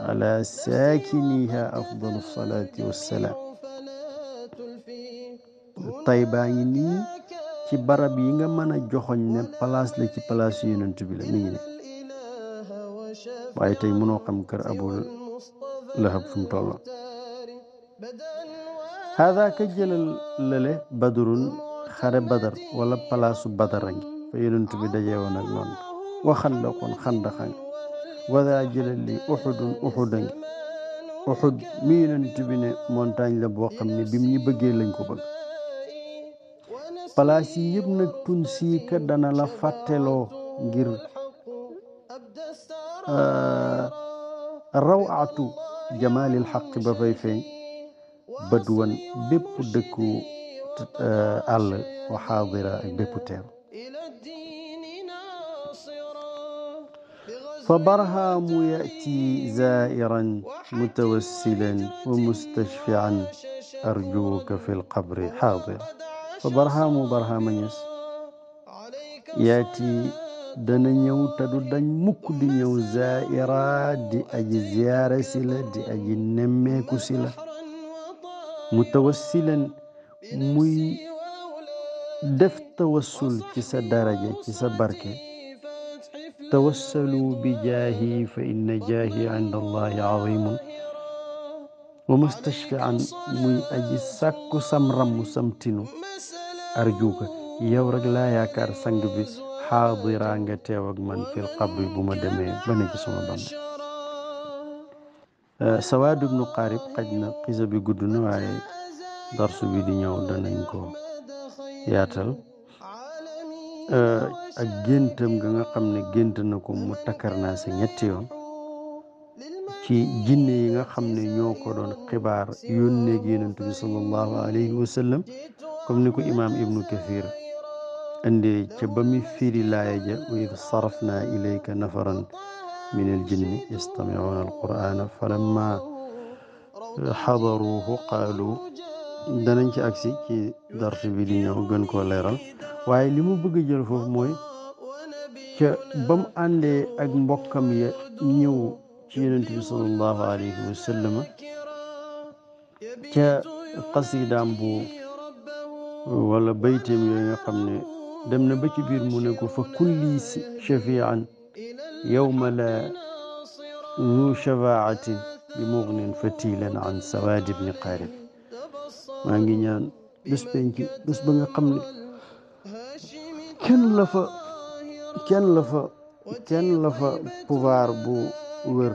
على ساكنيها أفضل الصلاة والسلام طيبين ci barab yi nga mën a joxoñ ne place la ci place yonent bi la mi ngi ne waaye tey mënoo xam هذا كجل لله بدر خرب بدر ولا بلاس بدر رنجي fa yonent bi dajee woon ak noonu wa xandaqun xandaxa ngi wada jëlal li uxudun uxuda uxud mi yonent bi ne montagne la boo xam ne bim ñu bëggee lañ ko bëgg palaas yi yëpp dana la fàtteloo ngir euh, rawaatu jamaalil xaq ba fay feeñ bët wan bépp dëkku euh, àll wa xaadira ak فبرهام يأتي زائرا متوسلا ومستشفعا أرجوك في القبر حاضر فبرهام برهام يس يأتي دنيو تدودن مكدنيو زائرا دي أجي زيارة سلا دي أجي نميك سلا متوسلا مي دفت وصل كسا درجة كسا بركة tawassalu bi jaahi fa inna jaahi inda allahi azimun wa mustashfian muy aji sàkku sam ramm sam tinu arjuka yow rek laa yaakaar sang bi xaadira nga teew ak man fil qabri bu ma demee ba ne ci suma bamb sawaad ibnu qaarib xaj na xisa bi gudd na waaye darsu bi di ñëw danañ ko yaatal ak géntam ga nga xam ne gént na ko mu takkar naa sa ñetti yoon ci jinne yi nga xam ne ñoo ko doon xibaar yónnee yonent bi sallallahu alayhi wa sallam comme ni ko imaam ibnu kathir indi ca ba mu firi laaya ja wa sarafna ilayka nafaran min aljinni yastamicuuna alqur'ana falamma xadaruuhu qaalu danañ ci aksi ci dars bi di ñëw gën ko leral waye limu bëgg jël fofu moy ci bam andé ak mbokam ya ñëw ci yonent bi sallallahu alayhi wa sallam ci xasidaam bu wala baytim yo nga xamné dem na ba ci biir mu ne ko fa kulli shafian yawma la nu shafaatin bi mugnin fatilan an sawaad ibni qaarib maa ngi ñaan bés penc bés ba nga xam ne kenn la fa kenn la fa kenn la fa pouvoir bu wër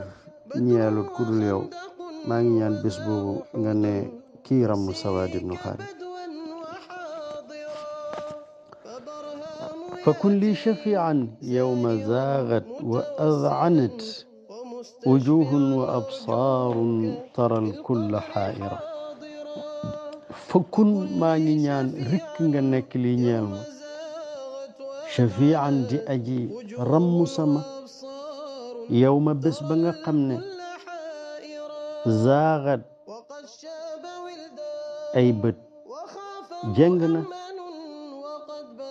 ñeelut ku dul yow maa ngi ñaan bés boobu nga ne kii ramm sawaad ibnu xaalid fa kun li shafian yowma zaagat wa adanat wujuhun wa absaarun tara alkulla xaaira فكن ما نيان ريك نك لي نيام شفيعا دي اجي رم سما يوم بس بنا قمنا زاغت اي بد جنغنا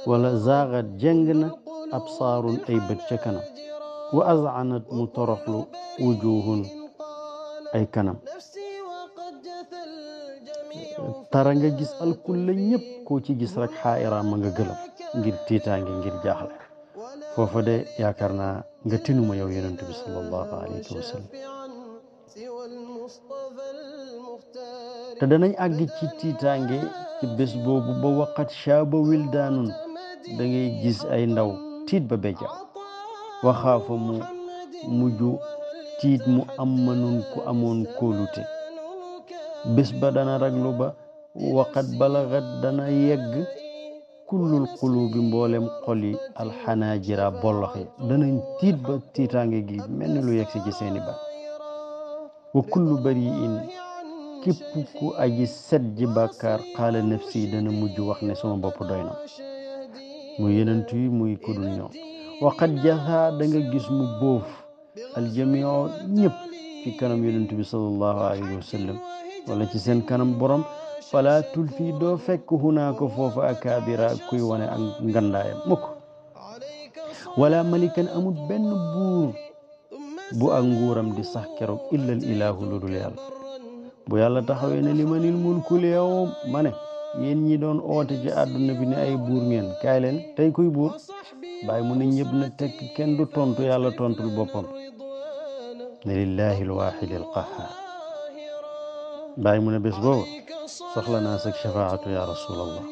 ولا زاغت جنغنا ابصار اي بد شكنا وازعنت مترقل وجوه اي كنم tara nga gis alkulla ñëpp koo ci gis rek xaaira ma nga gëlëm ngir tiitaange ngir jaaxle foofa de yaakaar naa nga tinuma yow yonent bi sallallahu alayhi wa sallam te danañ àgg ci tiitaange ci bés boobu ba waqat shaaba wildaanun da ngay gis ay ndaw tiit ba béja waxaafa mu mujj tiit mu ammanun ku amoon kóolute bés ba dana raglu ba waqat balagat dana yegg kullul qulubi mboolem xol yi alxanaajira dana yi tiit ba tiitaange gi mel ni lu yegsi ci seeni ba wa kullu bari in képp ku aji set ji bàkkaar xaala nafsi dana mujj wax ne sama bopp doy na muy yenent yi muy kudul ñoom waqat gis mu bóof aljamio ñëpp ci kanam bi sallallahu alayhi wa sallam wala ci seen kanam borom fala tulfi doo fekk hunaako foofa akaabira kuy wane ak ngandaayam mukk wala malikan amul benn buur bu ak nguuram di sax keroog illal ilaahu ludul yàlla bu yàlla taxawee ne limanil mulku yawm ma ne ñi doon oote ci àdduna bi ne ay buur ngeen kaay leen tey kuy buur bàyyi mu ne tekk kenn du tontu yàlla tontu boppam ne lillahi alwaxidi alqahar باي من بيسبوع soxla naa sag shafaatu yaa rasulallah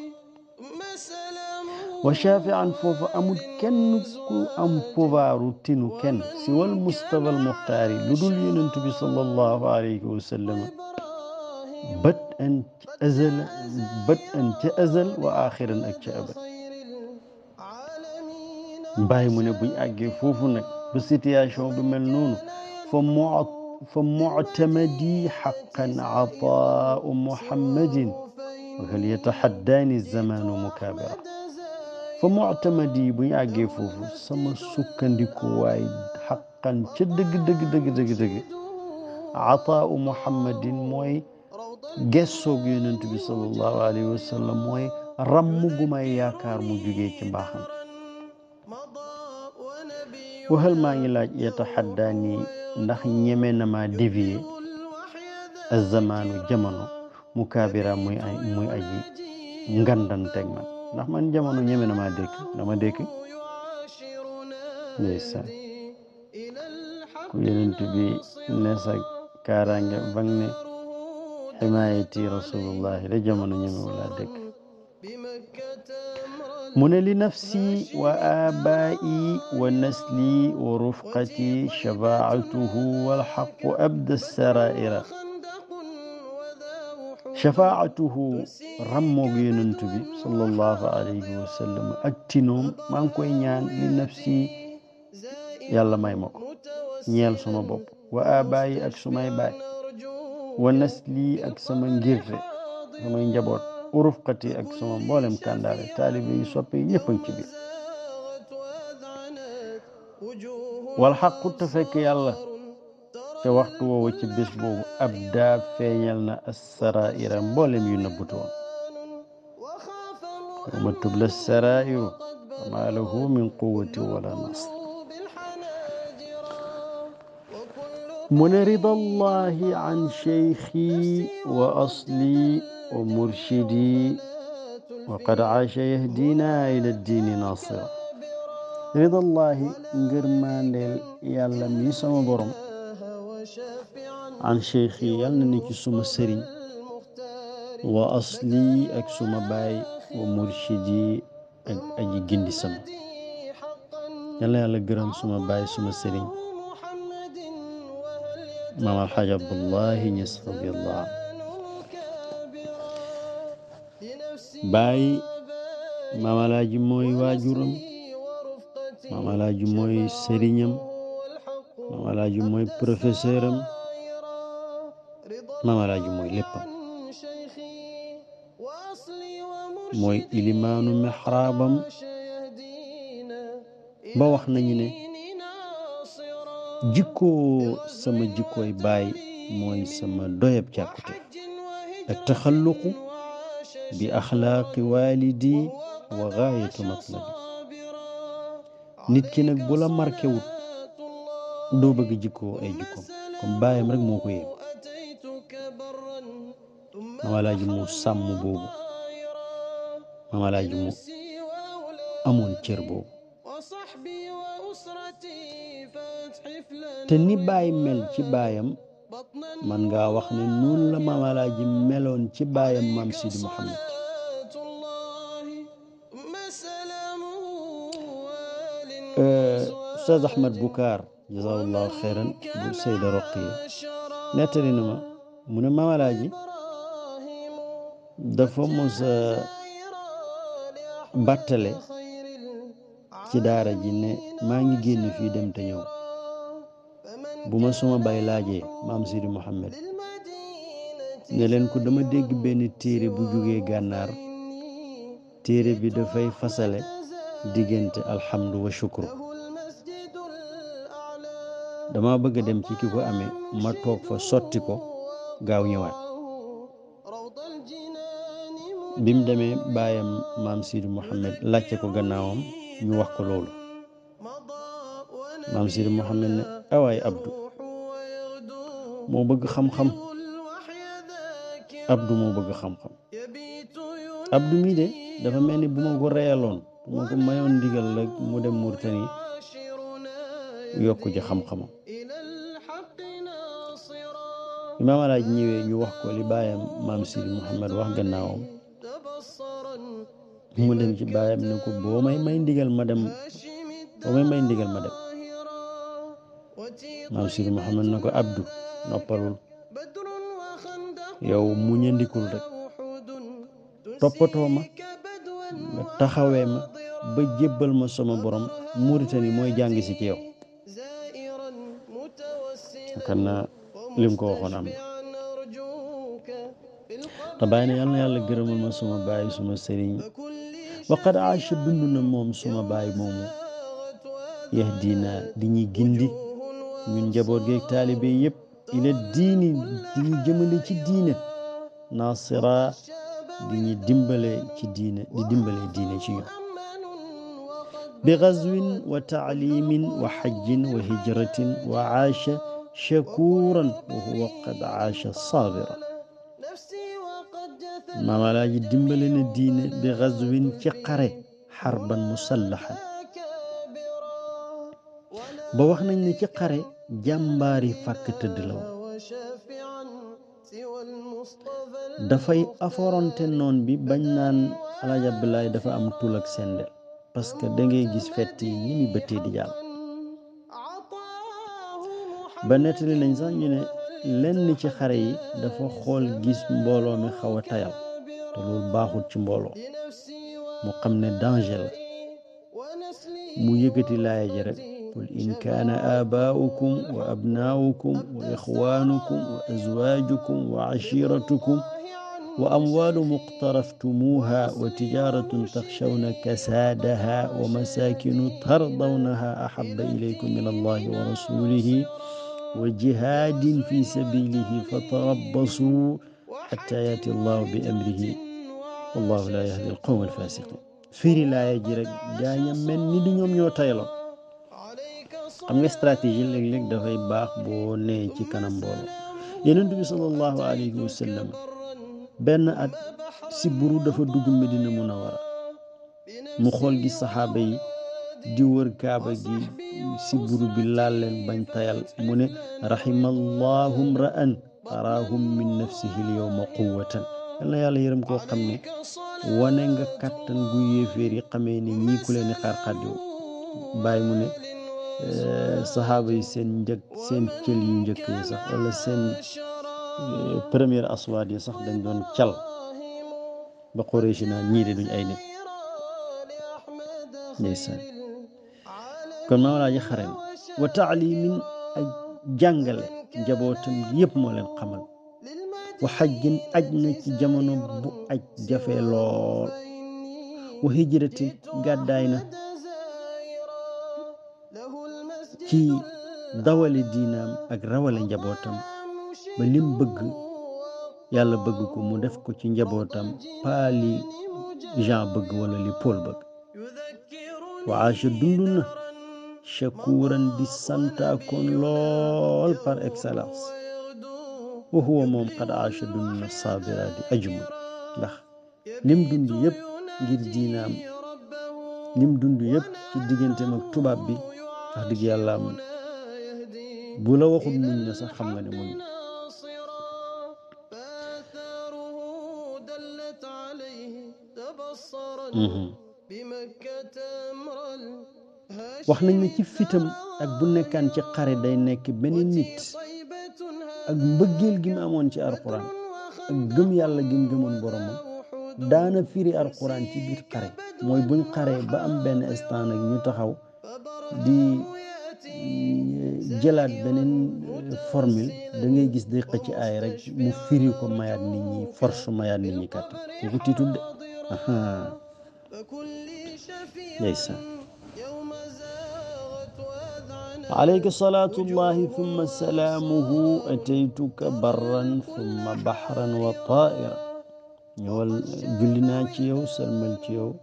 wa shafian foofu amul kenn ku am pouvoiru tinu kenn si wal mustafa al muxtaari lu dul yonent bi sallallahu alayhi wa sallam bët an ci azal bët an ci azal wa axiran ak ci abad mbaay mu ne buñ àggee foofu nag ba situation bi mel noonu fa muat fa muctamadi xaqan ataau muhammadin wa hal yataxaddaani zamaanu mukaabira fa muctamadi bu ñu àggee foofu sama sukkandikuwaay xaqan ca dëgg dëgg dëgg dëgg dëgg ataau muhammadin mooy gessoog yonent bi sallallahu alayhi wa sallam mooy ramm gu may yaakaar mu jugee ci mbaaxam waxal maa ngi laaj yataxaddaani ndax ñeme na ma dévier azamaanu jamono mu kaabira muy ay muy aji man ndax man jamono ñeme na ma dékk dama dékk ndeysaan ku yenent bi ne sa kaaraange ba ne ximaayati rasulullahi la jamono ñeme wala dékk من لنفسي وآبائي ونسلي ورفقتي شفاعته والحق أبدى السرائر شفاعته رمو بين انتبي صلى الله عليه وسلم أتنوم من كوينيان لنفسي يلا ما يمكو نيال سما بوب وآبائي أكسما يبائي ونسلي أكسما نجيري سما نجبوت urufkat yi ak sama mboolem kàndaare taalibe yi soppe yi ñëpp a ngi ci biir wal xaqu te fekk yàlla te waxtu woowu ci bés boobu ab daa feeñal na assaraira mboolem yu nëbbutu woon yawma tubla sarairu ma lahu min quwati wala nasr mu ne ridallahi an cheikhi wa asli ومرشدي وقد عاش يهدينا إلى الدين ناصرا رضا الله قرمان ديل يالا مي سما بروم عن شيخي يالا نيكي سما سرين وأصلي أك سما باي ومرشدي أجي جندي سما يالا يالا قرم سما باي سما سرين مام الحاج عبد الله نيس رضي الله عنه baay maam alaaji mooy waajuram maam alaaji mooy sëriñam maam alaaji mooy professeur am maam alaaji mooy léppam mooy ilimaanu mexraabam ba wax nañu ne jikkoo sama jikkooy baay mooy sama doyab càkkute ak bi axlaaqi waalidi wa gaayatu matlabi nit ki nag bu la marqué wut doo bëgg jikkoo ay jikkoom comme baayam rek moo ko yem mamalaaji mu sàmm boobu mamalaaji mu amoon cër boobu te ni baay mel ci baayam man ngaa wax ne noonu la maam alaaji meloon ci baayam maam Sidi Muhammad euh, Ustaz Ahmad Bukaar jazakallahu xeyran bu Seyda Roqi nettali na ma mu ne maam alaaji dafa mos a battale ci daara ji ne maa ngi génn fii dem te ñëw bu ma suma bay laajee maam Sidi Mouhamed ne ko dama dégg benn téere bu jógee gànnaar téere bi dafay fasale diggante alhamdu wa shukru dama bëgg a dem ci ki ko amee ma toog fa sotti ko gaaw ñëwaat mu demee baayam maam Sidi Mouhamed laajte ko gannaawam ñu wax ko loolu maam Sidi Mouhamed ne awaay ah abdu moo bëgg xam-xam abdu moo bëgg xam-xam abdu mii de dafa mel ni bu ma ko reyaloon bu ma ko mayoon ndigal rek mu dem Murtani yokku ci xam-xamam imaam alaaj ñëwee ñu wax ko li baayam maam Sidi Muhammad wax gannaawam mu dem ci baayam ne ko boo may may ndigal ma dem boo may may ndigal ma dem maam Sidi Mouhamed na ko Abdou noppalul mu ñëndikul rek toppatoo ma nga ba jébbal ma sama borom Mauritanie mooy jàng si ci yow kan na lim ko waxoon na yàlla na yàlla ma suma baay suma sëriñ waqad aasha dund moom suma baay moomu yahdina di ñuy gindi ñun njaboot geeg taalibe yëpp ila diini di ci diine nasira di dimbale ci diine di dimbale diine ci ñun bi gazwin wa taalimin wa xajjin wa hijratin wa aasha shakuran wa huwa qad aasha sabira maamalaaji dimbale na diine bi gazwin ci xare xarban musallaxan ba wax ci xare jàmbaari fàkk tëdd la dafay aforonte noon bi bañ naan alaaj dafa am tul ak sende parce que da gis fett yi ni mi bëttee di jàll ba nettali nañ sax ñu ne lenn ci xare yi dafa xool gis mbooloo mi xaw a tayal te loolu baaxul ci mbooloo mu xam ne danger la mu yëkkati laaya ji قل إن كان آباؤكم وأبناؤكم وإخوانكم وأزواجكم وعشيرتكم وأموال مقترفتموها وتجارة تخشون كسادها ومساكن ترضونها أحب إليكم من الله ورسوله وجهاد في سبيله فتربصوا حتى يأتي الله بأمره والله لا يهدي القوم الفاسقين في لا ji rek من mel ni xam nga stratégie léeg-léeg dafay baax boo nee ci kanam mbooloo yeneen bi sallallahu alayhi wa sallam benn at si buru dafa dugg Medina Munawara mu xool gi saxaaba yi di wër kaaba gi si buru bi laal leen bañ tayal mu ne rahimallahu mra'an araahum min nafsihi l yowma quwwatan yàlla yàlla yërëm koo xam ne wane nga kàttan gu yéeféer yi xamee ne ñii ku leen di Euh, saxaaba yi seen njëkk seen cël yu njëkk yi seen euh, première aswaat yi sax dañ doon cal ba Quraysh naa ñii duñ ay nit ndeysaan kon maam laa ji xarem wa taalimin ak jàngale njabootam yëpp moo leen xamal wa xajjin aj na ci jamono bu aj jafe lool wa hijratin gàddaay na ci dawale diinaam ak rawale njabootam ba lim bëgg yàlla bëgg ko mu def ko ci njabootam pas Jean bëgg wala li Paul bëgg waaja dund na shakuran di santaakoon lool par excellence wa huwa moom xad aasha dund na saabira lim dund yëpp ngir diinaam lim tubaab bi wax dëgg yàlla am bu la waxul muñ na sax xam nga ne muñ wax nañ ne ci fitam ak bu nekkaan ci xare day nekk beneen nit ak mbëggeel gi mu amoon ci alquran ak gëm yàlla gi mu gëmoon boromam daana firi alquran ci biir xare mooy buñ xaree ba am benn instant nag ñu taxaw di mm, jëlaat beneen formule da ngay gis day xëcc aay rek mu firi ko mayaat nit ñi force mayaat nit ñi kàttan kooku tiitul de ndeysaan عليك صلاة الله ثم سلامه أتيتك برا ثم بحرا وطائرا نيول جلنا تيو سلمل تيو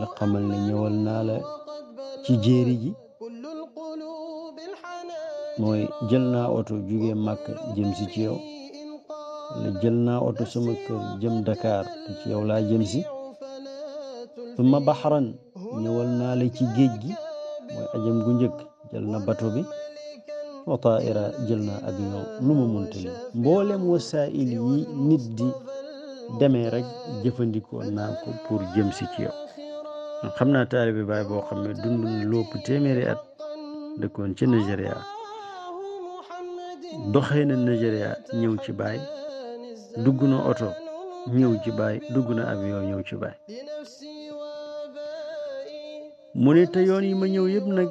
لقمل نيول نالا ci jéeri ji mooy jël naa oto jugee màkk jëm si ci yow wala jël naa oto sama kër jëm Dakar ci yow laa jëm si summa baxaran ñëwal la ci géej gi mooy ajam gu njëkk jël na bato bi wa taaira jël na avion lu ma munte mboolem wasaa'il yi nit di demee rek jëfandikoo naa ko pour jëm si ci yow xamna talibi taalibe bo xamne dund lopp téméré ëpp téeméeri at dëkkoon ci Nigéria doxé na Nigéria ñëw ci baay duguna auto ñëw ci baay duguna avion ñëw ci baay mune ne te yoon yi ma ñëw yeb nak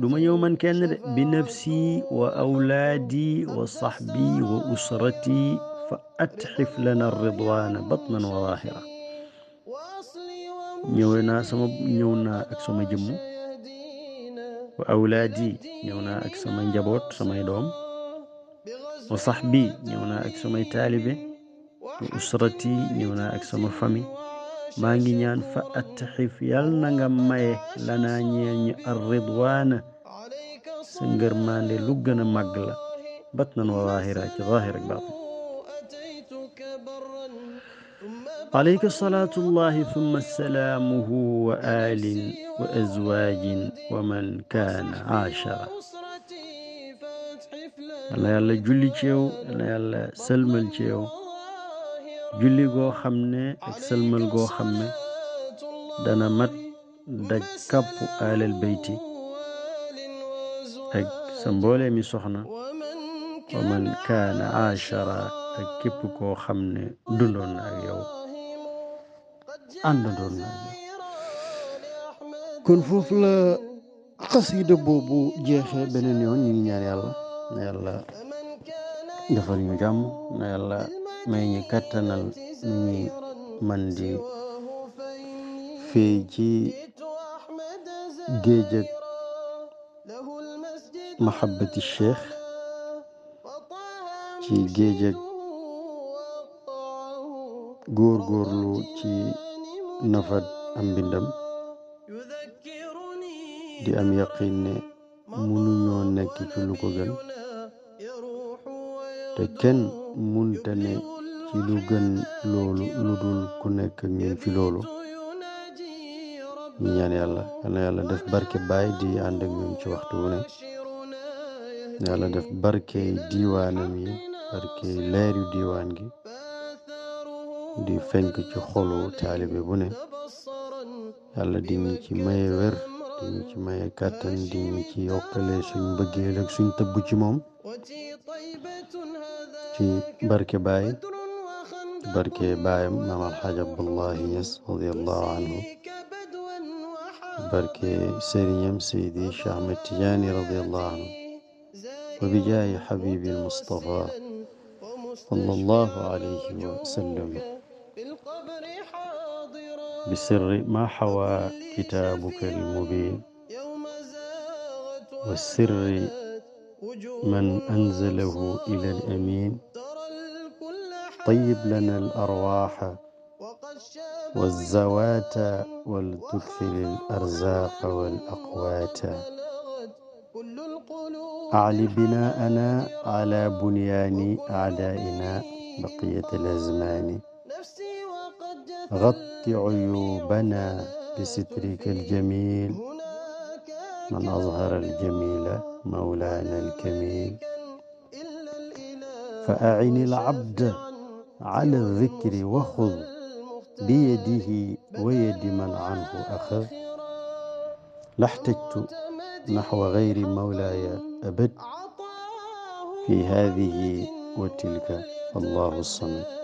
duma ñëw man kenn de bi nafsi wa awladi wa sahbi wa usrati fa athif lana ridwana batnan wa zahira ñëwee naa sama ñëw naa ak sama jëmm wa awlaadi ñëw naa ak sama njaboot samay doom wa saxbi ñëw naa ak samay taalibe wa usrati ñëw naa ak sama famille maa ngi ñaan fa attaxif yal na nga maye lanaa ñeel ñu ridwaana sa ngërmaande lu gën a màgg la batnan wa zaahira ci zaahir عليك صلاة الله ثم السلام هو آل وأزواج ومن كان عاشرا الله يلا جولي تشيو الله يلا سلمل تشيو جولي غو خمنة سلمل غو خمنة دانا مات دا كابو آل البيت اك سمبولي مي سخنا ومن كان عاشرا اك كيبو غو خمنة دونون àndandoon naa la xasida boobu jeexee beneen yoon ñu ngi ñaan yàlla na ñu jàmm na yàlla kattanal ñu ñuy man ci géej ak mahabbati ci géej ak ci na am mbindam di am yaqin ne munuñoo nekk ci lu ko gën te kenn munta ne ci lu gën loolu lu dul ku nekk ñun fi loolu ñu ñaan yàlla def barke baay di ànd ak ci waxtu wu ne def barke diiwaanam yi barke leer yu diiwaan gi di fenk ci xolu taalibe bu ne yàlla di ñu ci maye wér di ñu ci maye kàttan di ñu ci yokkale suñ bëggeel ak suñ tëbb ci moom ci barke baay barke baayam maam alxaaj abdullahi ñas radiallahu anhu barke sëriñam seydi cheikh ahmed tijaani radiallahu anhu wa bijaayi xabibi almustafa sallallahu alayhi wa sallam بسر ما حوى كتابك المبين والسر من أنزله إلى الأمين طيب لنا الأرواح والزوات ولتكثر الأرزاق والأقوات أعل بناءنا على بنيان أعدائنا بقية الأزمان غط عيوبنا بسترك الجميل من أظهر الجميل مولانا الكميل فأعن العبد على الذكر وخذ بيده ويد من عنه أخذ لا احتجت نحو غير مولاي أبد في هذه وتلك الله الصمد